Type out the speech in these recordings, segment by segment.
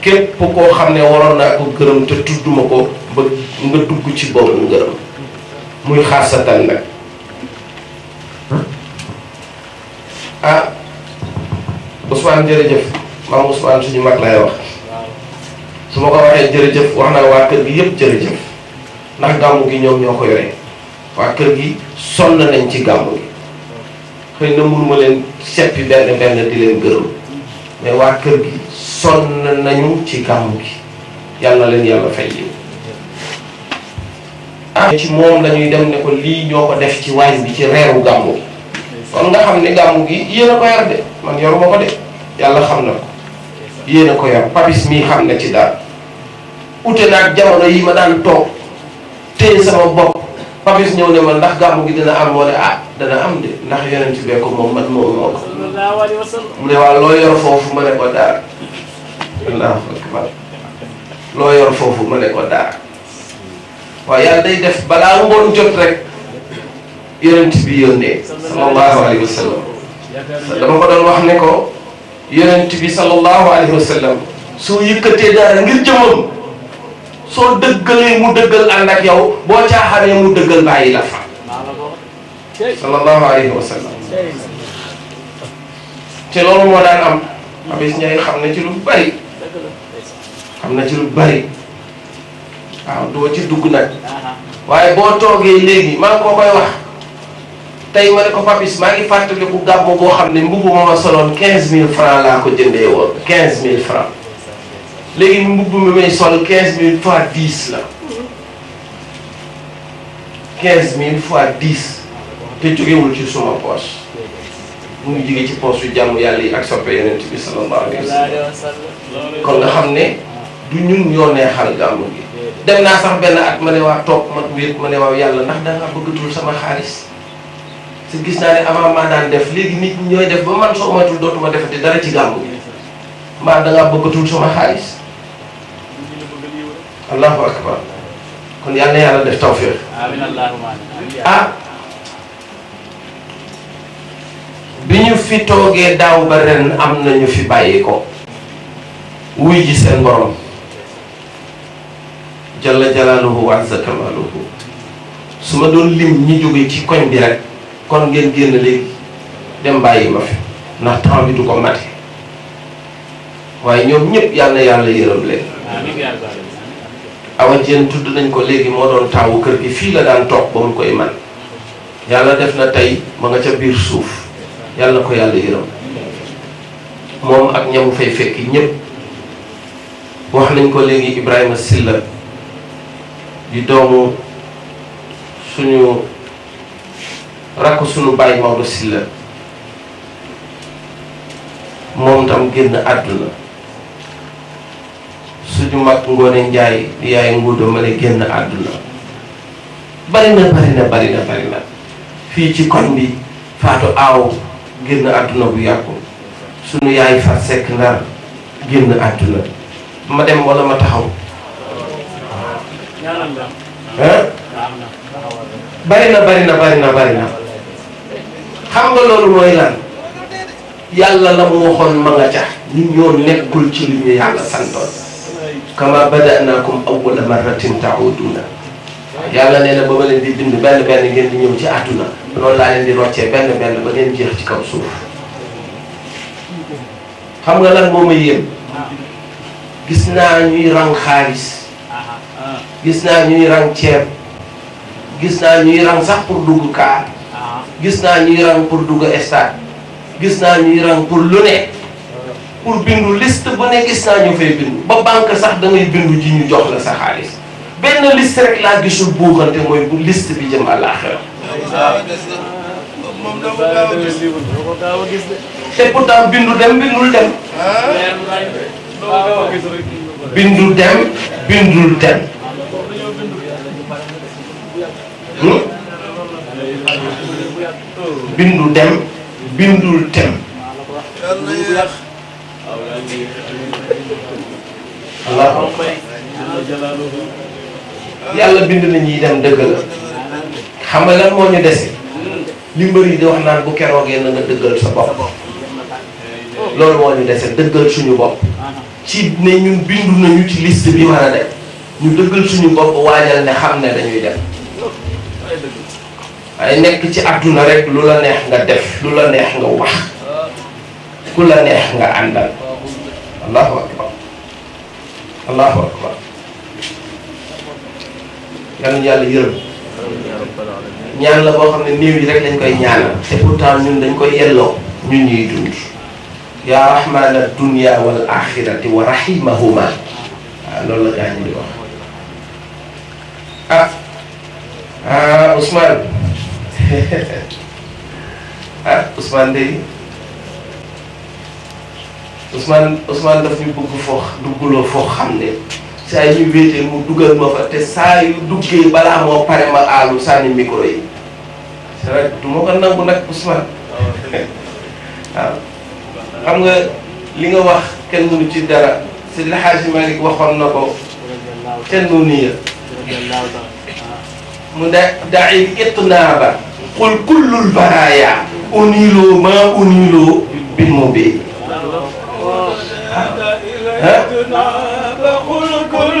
képp koo xam ne waroon naa ko gërëm te tudduma ko ba nga dugg ci boobu ngërëm muy xaasatan nag ah Ousmane jërëjëf maam Ousmane suñu mag lay wax su ma ko waxee jërëjëf wax naa waa kër gi yëpp jërëjëf ndax gàmmu gi ñoom ñoo ko yore waa kër gi sonn nañ ci gàmmu gi xëy na mënuma leen seppi benn benn di leen gërëm mais waa kër gi sonn nañu ci gàmm gi yàlla leen yàlla fay yiw ah ci moom lañuy dem ne ko lii ñoo ko def ci waañ bi ci reeru gàmmu gi kon nga xam ne gàmmu gi yéen a ko yar de man yoruma ko de yàlla xam na ko yéen a ko yar papis mii xam na ci daal ute naa jamono yi ma daan toog téye sama bopp papis ñëw ne ma ndax gàmmu gi dina am wala ah dana am de ndax yonent bi ko moom man moo mu ne waa loo yor foofu ma ne ko daal allahu akbar loo yor foofu mu ne ko dara waaye yàlla day def balaa ngoon jot rek yonent bi yónnee sallallahu alayhi ne ko yonent bi sallallahu alayhi wa sallam dara ngir jëmam soo dëggalee mu dëggal ànd ak yow boo caaxaanee mu fa sallallahu alayhi wa te loolu moo daan am abis ñay xam ne ci lu bari am na ci lu bari waaw doo ci dugg nag waaye boo toogee léegi maa ngi ko koy wax tey ma ne ko Papis maa ngi fàttaliku gàmmu boo xam ne mbubb ma ma soloon quinze mille francs laa ko jëndee woon quinze mille francs léegi mbubb mi may sol quinze mille fois dix la quinze mille fois dix te jógewul ci suma poche mu ngi jóge ci poche yu jàmm yàlla yi ak soppe yonent bi sallallahu alayhi wa sallam kon nga xamne ne du ñun ñoo neexal gàmmu gi dem na sax ben at mané wa waa mat ma mané wa yalla da nga tul sama xaaliss ci gis na né avant ma daan def légui nit ñoy def ba man soo moytul dootuma defati dara ci gamu gi maa da bëgg tul sama xaaliss allahu akbar kon yalla na yàlla def tawfiq ah biñu fi toge daw ba ren am nañu fi bayiko ko wuy ji seen borom jalla jalaaluhu wa azza kamaaluhu su ma doon lim ñi jóge ci koñ bi rek kon ngeen génn léegi dem bàyyi ma fi ndax temps ko mate waaye ñoom ñëpp yal na yàlla yërëm leen awa jeen tudd nañ ko léegi moo doon taawu kër gi fii la daan toog ba mu koy man yàlla def na tey ma nga ca biir suuf yàlla ko yàlla yërëm moom ak ñamu fay fekki ñëpp wax nañ ko léegi Ibrahima Silla di doomu suñu rakk suñu bàyyi Maodo Silla moom tam génn àdduna suñu mag Ngoone Njaay di yaay Nguudo ma ne génn àdduna bari na bari na fii ci koñ bi Faatu Aaw génn àdduna bu yàggu suñu yaay Fat Sekk Ndar génn àdduna ma dem wala ma taxaw ah bari na bari na bari na bari na xam nga loolu mooy lan yàlla la mu waxoon ma nga ca ñun ñoo nekkul ci li ñu yàlla santoon kama bada'naakum awwala marratin ta'uduuna yàlla nee na ba ma leen di bind benn benn ngeen di ñëw ci àdduna loolu laa leen di roccee benn benn ba ngeen jeex ci kaw suuf xam nga lan moo ma yéem Gisna naa ñuy rang xaaliss ah. gis naa ñuy rang ceeb gisna naa ñuy rang sax pour dugg kaar gis ñuy rang pour dugg stade gis naa ñuy rang pour lu ne pour bindu liste bu ne gis naa ñu fay bindu ba banque sax da ngay bindu ji ñu jox la sa xaaliss benn liste rek la gisul buuxante moy bu liste bi jëm ah. te pourtant bindu dem bindul dem ah. bindul dem bindul dem. Hmm? bindu dem bindul tem. yàlla bind na dem dëgg la. xam nga lan moo ñu dese. li mbër yi di wax naan bu keroogee na nga dëggal sa bopp. loolu moo ñu dese dëggal suñu bopp. ci ne ñun bindu nañu ci liste bi mën a dem ñu dëggal suñu bopp waajal ne xam ne dañuy dem waaye nekk ci àdduna rek lu la neex nga def lu la neex nga wax ku la neex nga àndal allahu akbar allahu akbar yal na yàlla yërëm ñaan la boo xam ne néew yi rek dañ koy ñaanal te pourtant ñun dañ koy yelloo ñun ñuy dund yaa rahmaana dunya wal axirati wa rahimahuma waaw ah, loolu la gaa ñu di wax ah ah Ousmane ah Ousmane day Ousmane Ousmane daf ñu bëgg foo dugguloo foo xam ne saa yu wéetee mu dugal ma fa te saa yu duggee balaa moo pare ma aalu sànni micro yi c'est vrai du ma ko nangu nag Ousmane ah, waaw. Ah. xam nga li nga wax kenn mënu ci dara si El Hadji Malick waxoon na ko kenn mu niya mu da da'i itnaaba qul kullul baraaya uniloo maa uniloo bin mu bi قل كل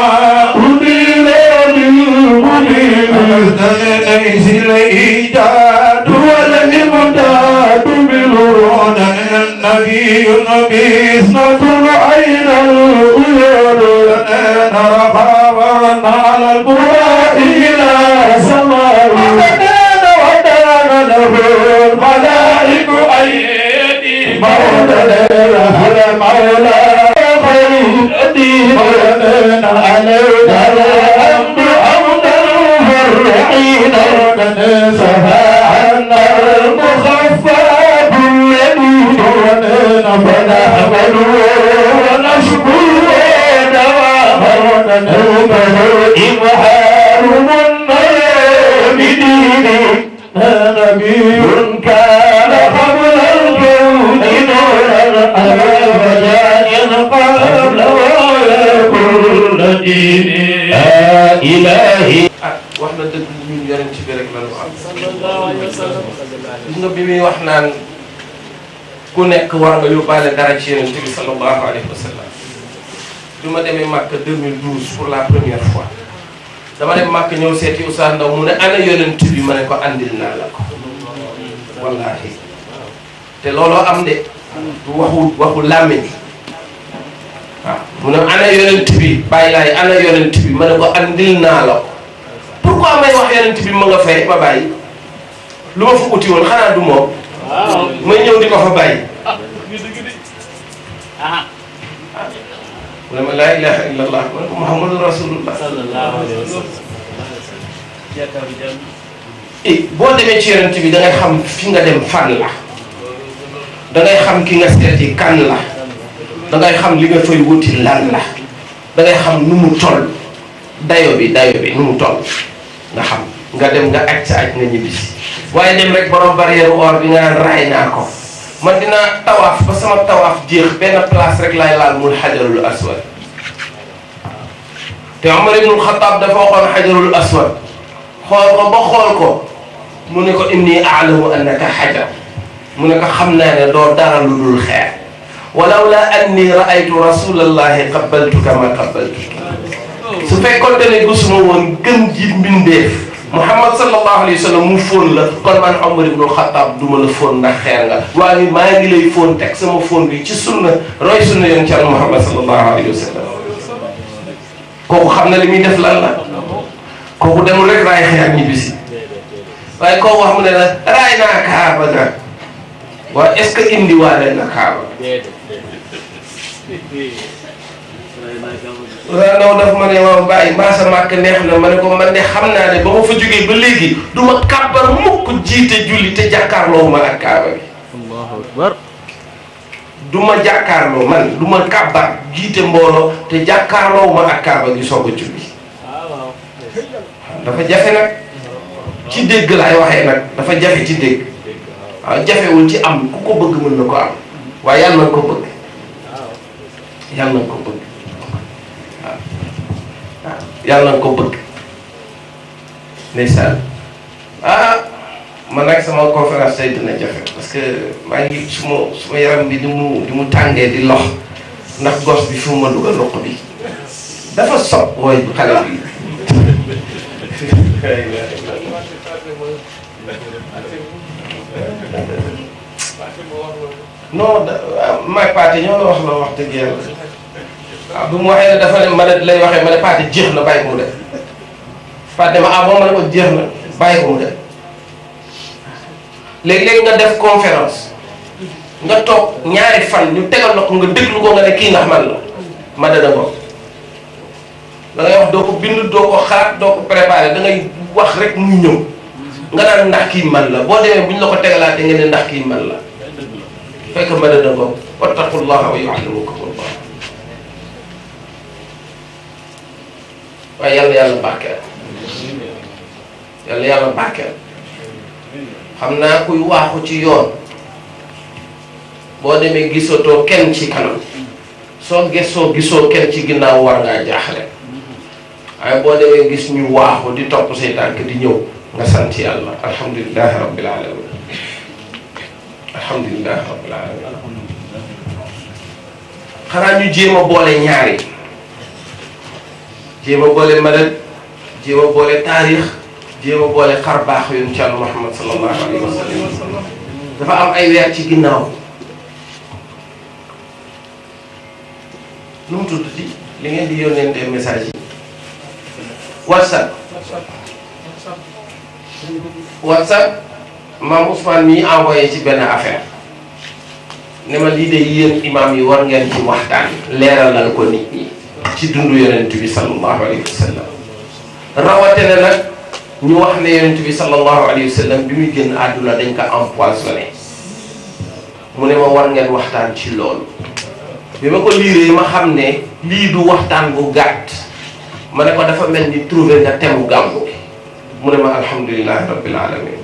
you know me ilaahi wax na dëgg ñun yonent bi rek la ñu am gis nga bi muy wax naan ku nekk war nga yóbbaale dara ci Yonent bi sallallahu alayhi wa sallam bi ma demee Màkka pour la première fois dama dem Màkka ñëw seeti Oustaz Ndaw mu ne ana Yonent bi ma ne ko andil naa la ko wallaahi te looloo am de du ah, mu ne ana Yonent bi bàyyi laay ana Yonent bi ma ne ko andil naa la ko pourquoi may wax Yonent bi ma nga fay ma bàyyi lu ma fa uti woon xanaa du moom may ñëw di ko fa bàyyi mu ne ma laa ilaha illa allah ma ne ko boo demee ci yonent bi da xam fi nga dem fan la da xam ki nga seeti kan la ngay xam li nga fay wuti lan la da xam nu mu toll dayo bi dayo bi nu mu toll nga xam nga dem nga ak sa aj nga ñibbisi waaye dem rek borom barrière or bi nga raay naa ko man dinaa tawaaf ba sama tawaaf jeex benn place rek laay laal mul xajarul aswad te Umar ibnul Xataab dafa waxoon xajarul aswad xool ko ba xool ko mu ne ko inni aalamu annaka xajar mu ne ko xam naa ne doo dara lu dul xeer walawla anni raaytu rasulallahi qabaltuka ma qabaltuka su fekkoonte ne gisuma woon gën ji mbindeef Muhammad sallallahu alayhi wa sallam mu fóon la kon man Omar ibn du ma la fóon ndax xeer nga waaye maa lay fóon teg sama fóon bi ci sunna roy sunna yoon ci Muhammad sallallahu xam na li muy def lan la kooku demul raay xeer ñibbi si waaye kooku wax mu raay naa kaaba nga waaye est-ce que indiwaale na kaaba Ndao daf ma ne neex na ma ne ko man de xam naa ne ba ma fa ba léegi du ma jiite julli te ma ak kaaba bi. allahu jiite mbooloo te jàkkaarloo ma gi soog dafa jafe nag. ci dégg laay waxee nag dafa jafe ci dégg. waaw jafewul ci am ku ko bëgg mën na ko am. waaye yàlla na ko bëgg. yàlla na ko bëgg. jalan kau pergi nesan ah mana yang sama konferensi saya itu nanti pas ke mari semua semua yang bidumu bidumu tangga di loh nak gos di semua juga kan loh di dapat sop boy bukan lagi no ah, my party nyolo wax la wax deug yalla waaw bi mu waxee ne dafa ne ma ne lay waxee mane paa Pathé jeex na bàyyi ko mu def Pathé ma ah ma ne ko jeex na bàyyi ko mu def léegi-léegi nga def conférence nga toog ñaari fan ñu tegal na ko nga déglu ko nga ne kii ndax man la ma dana ko da ngay wax doo ko bind doo ko xalaat doo ko préparé da ngay wax rek muy ñëw nga naan ndax kii man la boo demee bu ñu la ko tegalaatee nga ne ndax kii man la fekk ma dana ko wattaqullaha wa yuallimukumullah waaye yàlla yàlla barkeel yàlla yàlla barkeel xam naa kuy waaxu ci yoon boo demee gisatoo kenn ci kanam soo gëstoo gisoo kenn ci ginnaaw war ngaa jaaxle waaye boo demee gis ñu waaxu di topp say tànk di ñëw nga sant yàlla alhamdulilahi rabbil alamin alhamdulilahi rabbil alamin xanaa ñu jéem a boole ñaari jéem a boole madad jéem a boole taarix jéem a boole xar baax yu ci àll Muhammad sallallahu dafa am ay weer ci ginnaaw nu mu tudd di li ngeen di yónnee message yi whatsapp whatsapp maam Ousmane mii envoyé ci benn affaire ne ma lii de yéen imaam yi war ngeen ci waxtaan leeralal ko nit yi ci dundu yonent bi sallallahu alayhi wa sallam rawatina nag ñu wax ne yonent bi sallallahu alayhi wa sallam bi muy génn àdduna dañ ko empoisonné mu ne ma war waxtaan ci loolu bi ma ko liiree ma xam ne lii du waxtaan bu gàtt ma ne ko dafa mel ni trouvé nga temu gàmmu mu ne ma alhamdulilahi rabbil alamin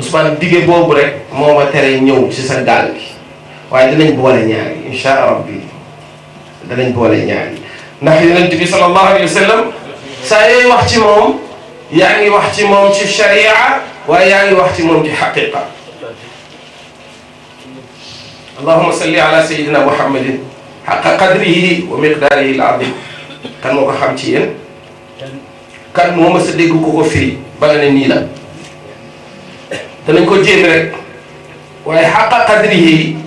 Ousmane dige boobu rek moo ma tere ñëw ci sa gaal gi waaye dinañ boole ñaari incha rabbi danañ boole ñaari ndax yonent bi sallallahu alayhi wa sallam saa yooyu wax ci moom yaa ngi wax ci moom ci sharia waaye yaa ngi wax ci moom ci xaqiqa allahuma salli ala sayidina muhammadin xaqa qadrihi wa miqdaarihi al-azim kan moo ko xam ci yéen kan moo mas a dégg ko ko fii bala ne nii la danañ ko jéem rek waaye xaqa qadrihi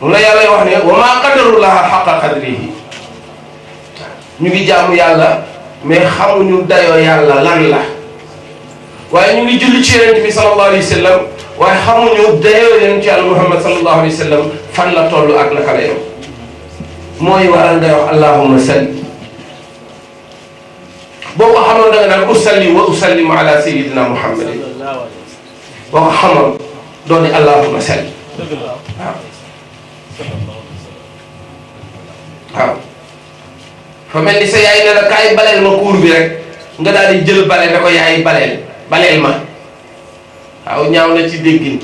mu ne yàlla wax ne wa maa qadarullaha xaqa qadrihi ñu ngi jaamu yàlla mais xamuñu dayoo yàlla lan la waaye ñu ngi julli ci yonent bi sallallahu alayhi wa sallam waaye xamuñu dayoo yonent yàlla Muhammad sallallahu alayhi wa sallam fan la toll ak naka la yem mooy waral ngay wax allahumma salli boo ko xamoon da nga naan usalli wa usallimu ala sayyidina Muhammadin boo ko xamoon doon ne allahumma salli waaw. waaw fa mel ni sa yaay ne kaay baleel ma kuur bi rek nga daal di jël bale ne ko yaay baleel baleel ma waaw ñaaw na ci déggin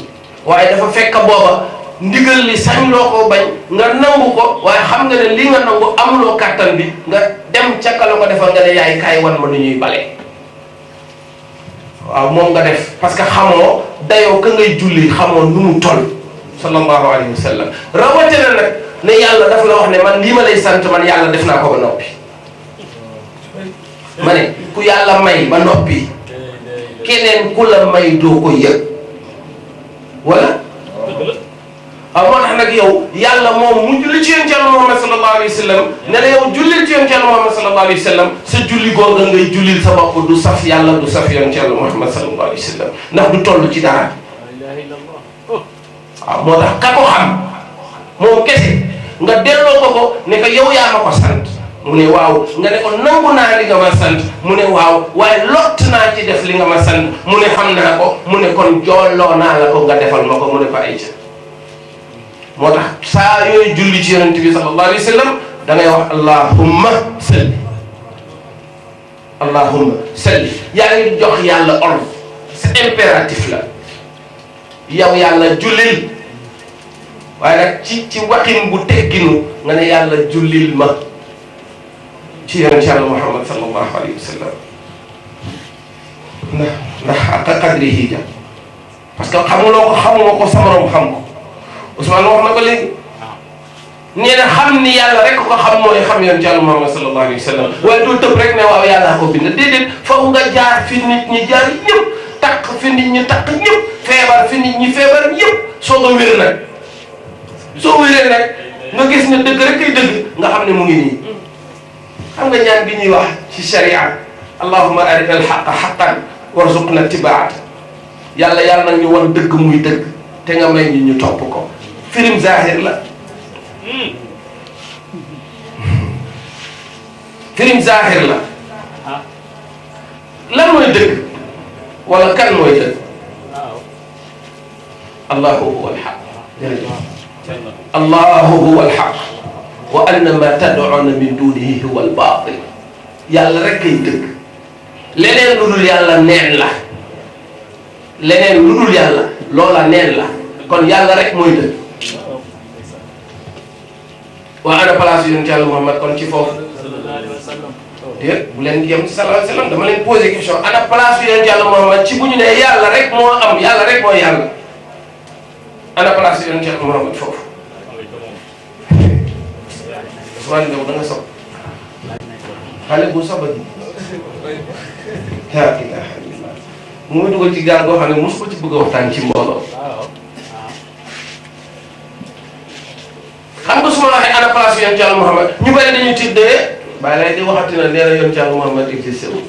waaye dafa fekk booba ndigal li sañ loo ko bañ nga nangu ko waaye xam nga ne li nga nangu amuloo kàttan bi nga dem ca ka la defal nga ne yaay kaay wan ma nu ñuy bale waaw moom nga def parce que xamoo dayoo ka ngay julli xamoo nu mu toll sallallahu alayhi wa sallam rawatina nag ne yàlla daf la wax ne man lii ma lay sant man yàlla def naa ko ba noppi hmm. ma ne ku yàlla may ma noppi keneen ku la may doo ko yëg wala ah, waaw moo tax nag yow yàlla moom mu julli ci yonent yàlla la yow jullil ci yonent yàlla Muhammad sallallahu alayhi wa sallam sa julli googa ngay jullil sa bopp du saf yàlla du saf yonent yàlla Muhammad sallallahu alayhi wa sallam ndax du toll ci dara moo tax ka ko xam moom kese nga delloo ko ko ne ko yow yaa ma ko sant mu ne waaw nga ne ko nangu naa li nga ma sant mu ne waaw waaye lott naa ci def li nga ma mu ne xam ko mu ne kon jooloo naa la ko nga defal ma mu ne ko ay ca moo tax saa julli ci yonente bi sallallahu alayhi wa sallam da ngay ya wax allahumma salli allahumma salli ya ngi jox yàlla ya ordre c'est impératif la yow yàlla jullil waaye nag ci ci waxin bu tegginu nga ne yàlla jullil ma ci yonent yàlla Muhammad sallallahu alayhi wa sallam ndax ndax ak qadrihi ja parce que xamuloo ko xamuma ko samarom xam ko Ousmane wax na ko léegi nee na xam ni yàlla rek ko xam mooy xam yonent yàlla Muhammad sallallahu alayhi wa sallam waaye doo tëb rek ne waaw yàllaa ko bind déedéet foofu nga jaar fi nit jaar ñëpp takk fi nit ñi takk ñëpp feebar fi nit ñi feebar ñëpp soog a wér nag soo gis ne dëgg rek kay dëgg nga xam ne mu ngi nii nga ñaan bi ñuy wax ci sharia allahumma arina alxaqa xaqan warzuqna tibaat yàlla yàlla nag ñu wan dëgg muy dëgg te nga may ñu ñu topp ko firim zahir la firim zahir la lan mooy dëgg wala kan mooy dëgg allahu huwa alxaq jërëjëf allahu huwa alxaq wa anna ma tad'una min dunihi huwa albaatil yàlla rek kay dëgg leneen lu dul yàlla neen la leneen lu dul yàlla loola neen la kon yàlla rek mooy dëgg waa ana place yonent yàlla Muhammad kon ci foofu dir bu len yem ci sallallahu alaihi wasallam dama len poser question ana place yalla Muhammad ci buñu ne yalla rek mo am yalla ya rek mo yalla ana place Muhammad foofu Usman yow da nga sob xale bu soba ji la ilaha illallah dugal ci gaal goo xam ne ko ci bëgg a Muhammad ñu bëri dañuy bàyyi lay di waxati na nee na yoon Thiam Mouhamad existé wu.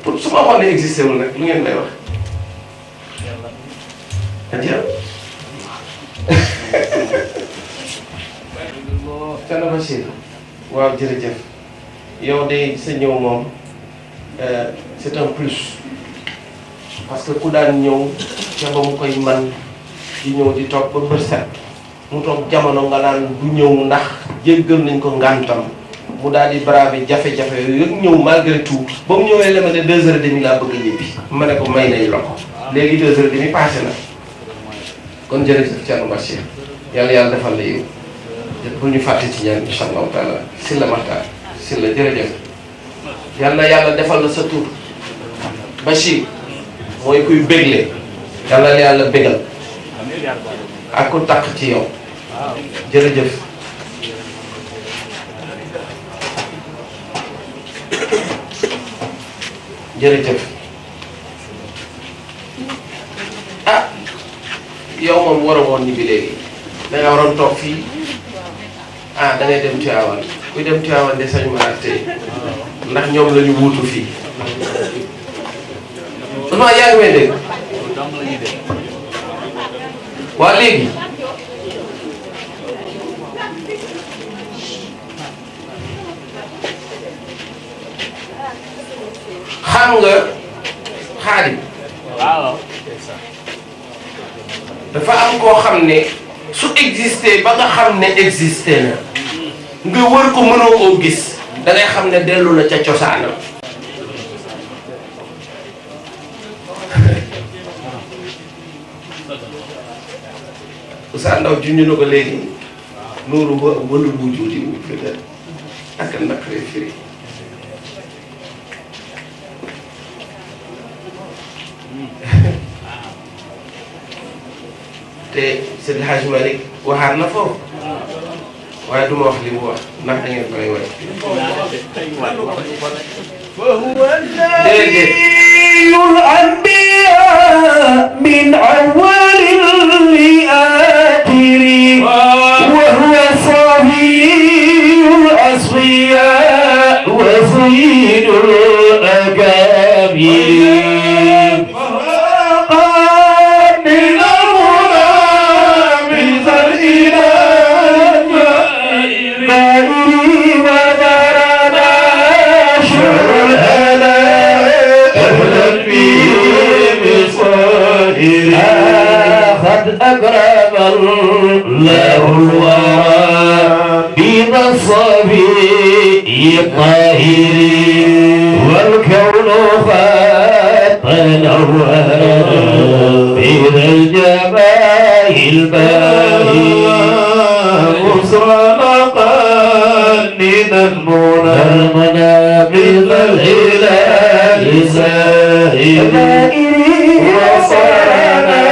ma waxoon ne existé wul nag lu ngeen may wax. adieu. Thierno Bachir. waaw jërëjëf. yow de sa ñëw moom euh, c'est plus. parce que ku daan ñëw ba mu koy man di ñëw di toog ba bër set. mu toog jamono nga naan du ñëw ndax jéggal nañ ko ngàntam mu daal di bravé jafe-jafe yooyu ñëw malgré tout ba mu ñëwee la ma ne deux heures et demie laa bëgg a ñibbi ma ko may nañ la ko léegi deux heures et demie passé na kon jërëjëf Thierno Bachir yàlla yàlla defal la yow bu ñu fàtte ci ñaan incha allahu taala si la Maxtaar si la jërëjëf yal na yàlla defal la sa tur Bachir mooy kuy bégle yal na yàlla bégal ak ku taq ci yow. jërëjëf jërëjëf ah yow moom war a woon ñibbi léegi da nga waroon toog fii ah da ngay dem Tivaouane kuy dem de sañ ma tey ndax ñoom la ñu wuutu fii vraiment yaa ngi may dégg daanu nga xaadim dafa am koo xam ne su existé ba nga xam ne existé na nga wër ko mënoo koo gis da xam ne dellu la ca cosaanam Ousseyn Ndaw junj na ko léegi loolu wa wëlul wujuudi wu peut-être ak naqaree firi te Seydi Hadj Malick waxaat na foofu waaye duma wax li mu wax ndax da ngeen koy way فهو الذي الأنبياء من أول لآخر وهو صبي الأصفياء وسيد الأكابر إلا قد أكرم الله الورى الصبي الطاهرين والكون قد تنور إلى الجمال الباهي مصرنا قننا المنى المنى بالإله ساهر Você é